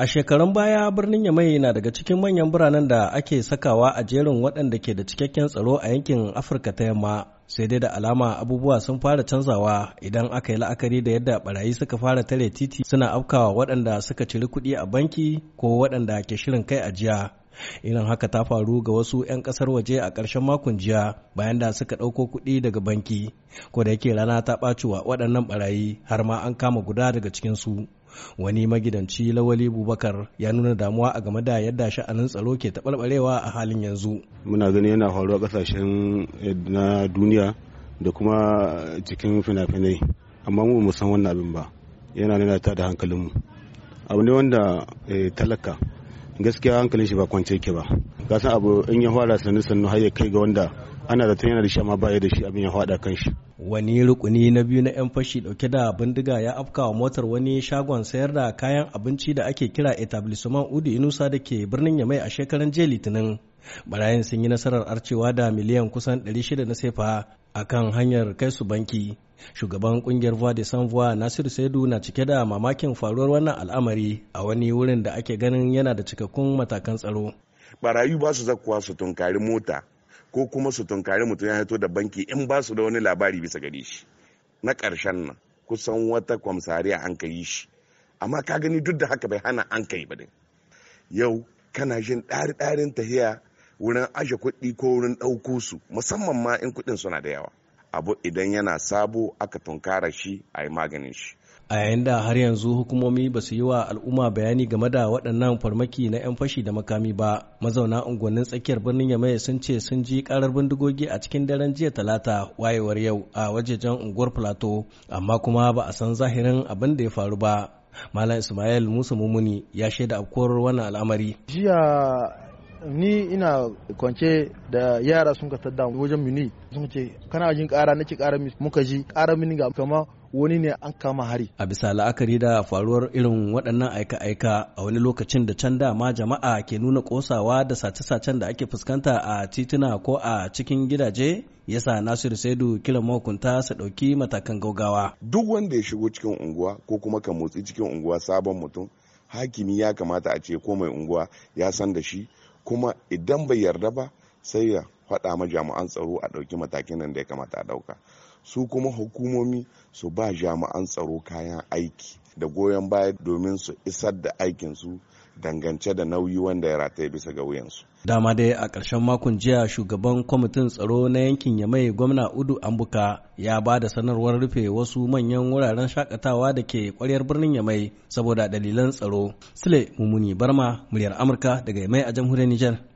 A shekarun baya birnin Yamai na daga cikin manyan biranen da ake sakawa a jerin waɗanda ke da cikakken tsaro a yankin Afirka ta yamma. sai dai da alama abubuwa sun fara canzawa idan aka yi la'akari da yadda barayi suka fara tare titi suna afkawa waɗanda suka ciri kuɗi a banki ko waɗanda ke shirin kai ajiya irin haka ta faru ga wasu 'yan ƙasar waje a ƙarshen makon jiya bayan da suka ɗauko kuɗi daga banki ko da yake rana ta ɓacewa waɗannan barayi har ma an kama guda daga cikinsu Wani magidanci Lawali Bubakar ya nuna damuwa a game da yadda sha'anin tsaro ke taɓarɓarewa a halin yanzu. Muna gani yana faruwa ƙasashen eh, na duniya da kuma cikin fina-finai amma mu mu wannan abin ba yana nuna ta da hankalinmu abu ne wanda eh, talaka gaskiya hankalin shi ba kwance ke ba ka san abu in ya fara sannu sannu har ya kai ga wanda ana da yana da shi amma ba ya da shi abin ya fada kan shi wani rukuni na biyu na 'yan fashi dauke da bindiga ya afka wa motar wani shagon sayar da kayan abinci da ake kira etablissement udu inusa da ke birnin yamai a shekaran jiya litinin barayin sun yi nasarar arcewa da miliyan kusan 600 na sefa a kan hanyar kai su banki shugaban kungiyar voix de sans voix nasir saidu na cike da mamakin faruwar wannan al'amari a wani wurin da ake ganin yana da cikakkun matakan tsaro barayu ba su zakuwa su tunkari mota ko kuma su tunkari mutum ya haito da banki in ba su da wani labari bisa gare shi na ƙarshen nan kusan wata kwamsariya an ka yi shi amma ka gani duk da haka bai hana an kai ba yau kana jin ɗari ɗarin tahiya wurin aje kuɗi ko wurin ɗauko su musamman ma in kuɗin suna da yawa abu idan yana sabo aka tunkara shi a yi maganin shi a yayin da har yanzu hukumomi ba su yi wa al'umma bayani game da waɗannan farmaki na 'yan fashi da makami ba mazauna unguwannin tsakiyar birnin yamai sun ce sun ji karar bindigogi a cikin daren jiya talata wayewar yau a wajejen unguwar plateau amma kuma ba a san zahirin abin da ya faru ba malam ismail musa mumuni ya shaida afkuwar wannan al'amari jiya ni ina kwance da yara sun ka tadda wajen mini sun ce kana jin kara nake kara muka ji kara mini ga kama wani ne an kama hari. A bisa la'akari da faruwar irin waɗannan aika-aika a wani lokacin da can dama jama'a ke nuna kosawa da sace-sacen da ake fuskanta a tituna ko a cikin gidaje yasa Nasiru Saidu kiran mahukunta su ɗauki matakan gaugawa. Duk wanda ya shigo cikin unguwa ko kuma ka motsi cikin unguwa sabon mutum hakimi ya kamata a ce ko mai unguwa ya san da shi kuma idan bai yarda ba sai ya faɗa ma jami'an tsaro a ɗauki matakin nan da ya kamata a ɗauka su kuma hukumomi su ba jami'an tsaro kayan aiki da goyon baya domin su isar da aikinsu dangance da nauyi wanda ya rataye bisa ga wuyansu. Dama dai a ƙarshen makon jiya shugaban kwamitin tsaro na yankin Yamai gwamna Udu Ambuka ya ba da sanarwar rufe wasu manyan wuraren shakatawa da ke ƙwaryar birnin Yamai saboda dalilan tsaro. Sule Mumuni Barma, muryar Amurka daga Yamai a jamhuriyar Nijar.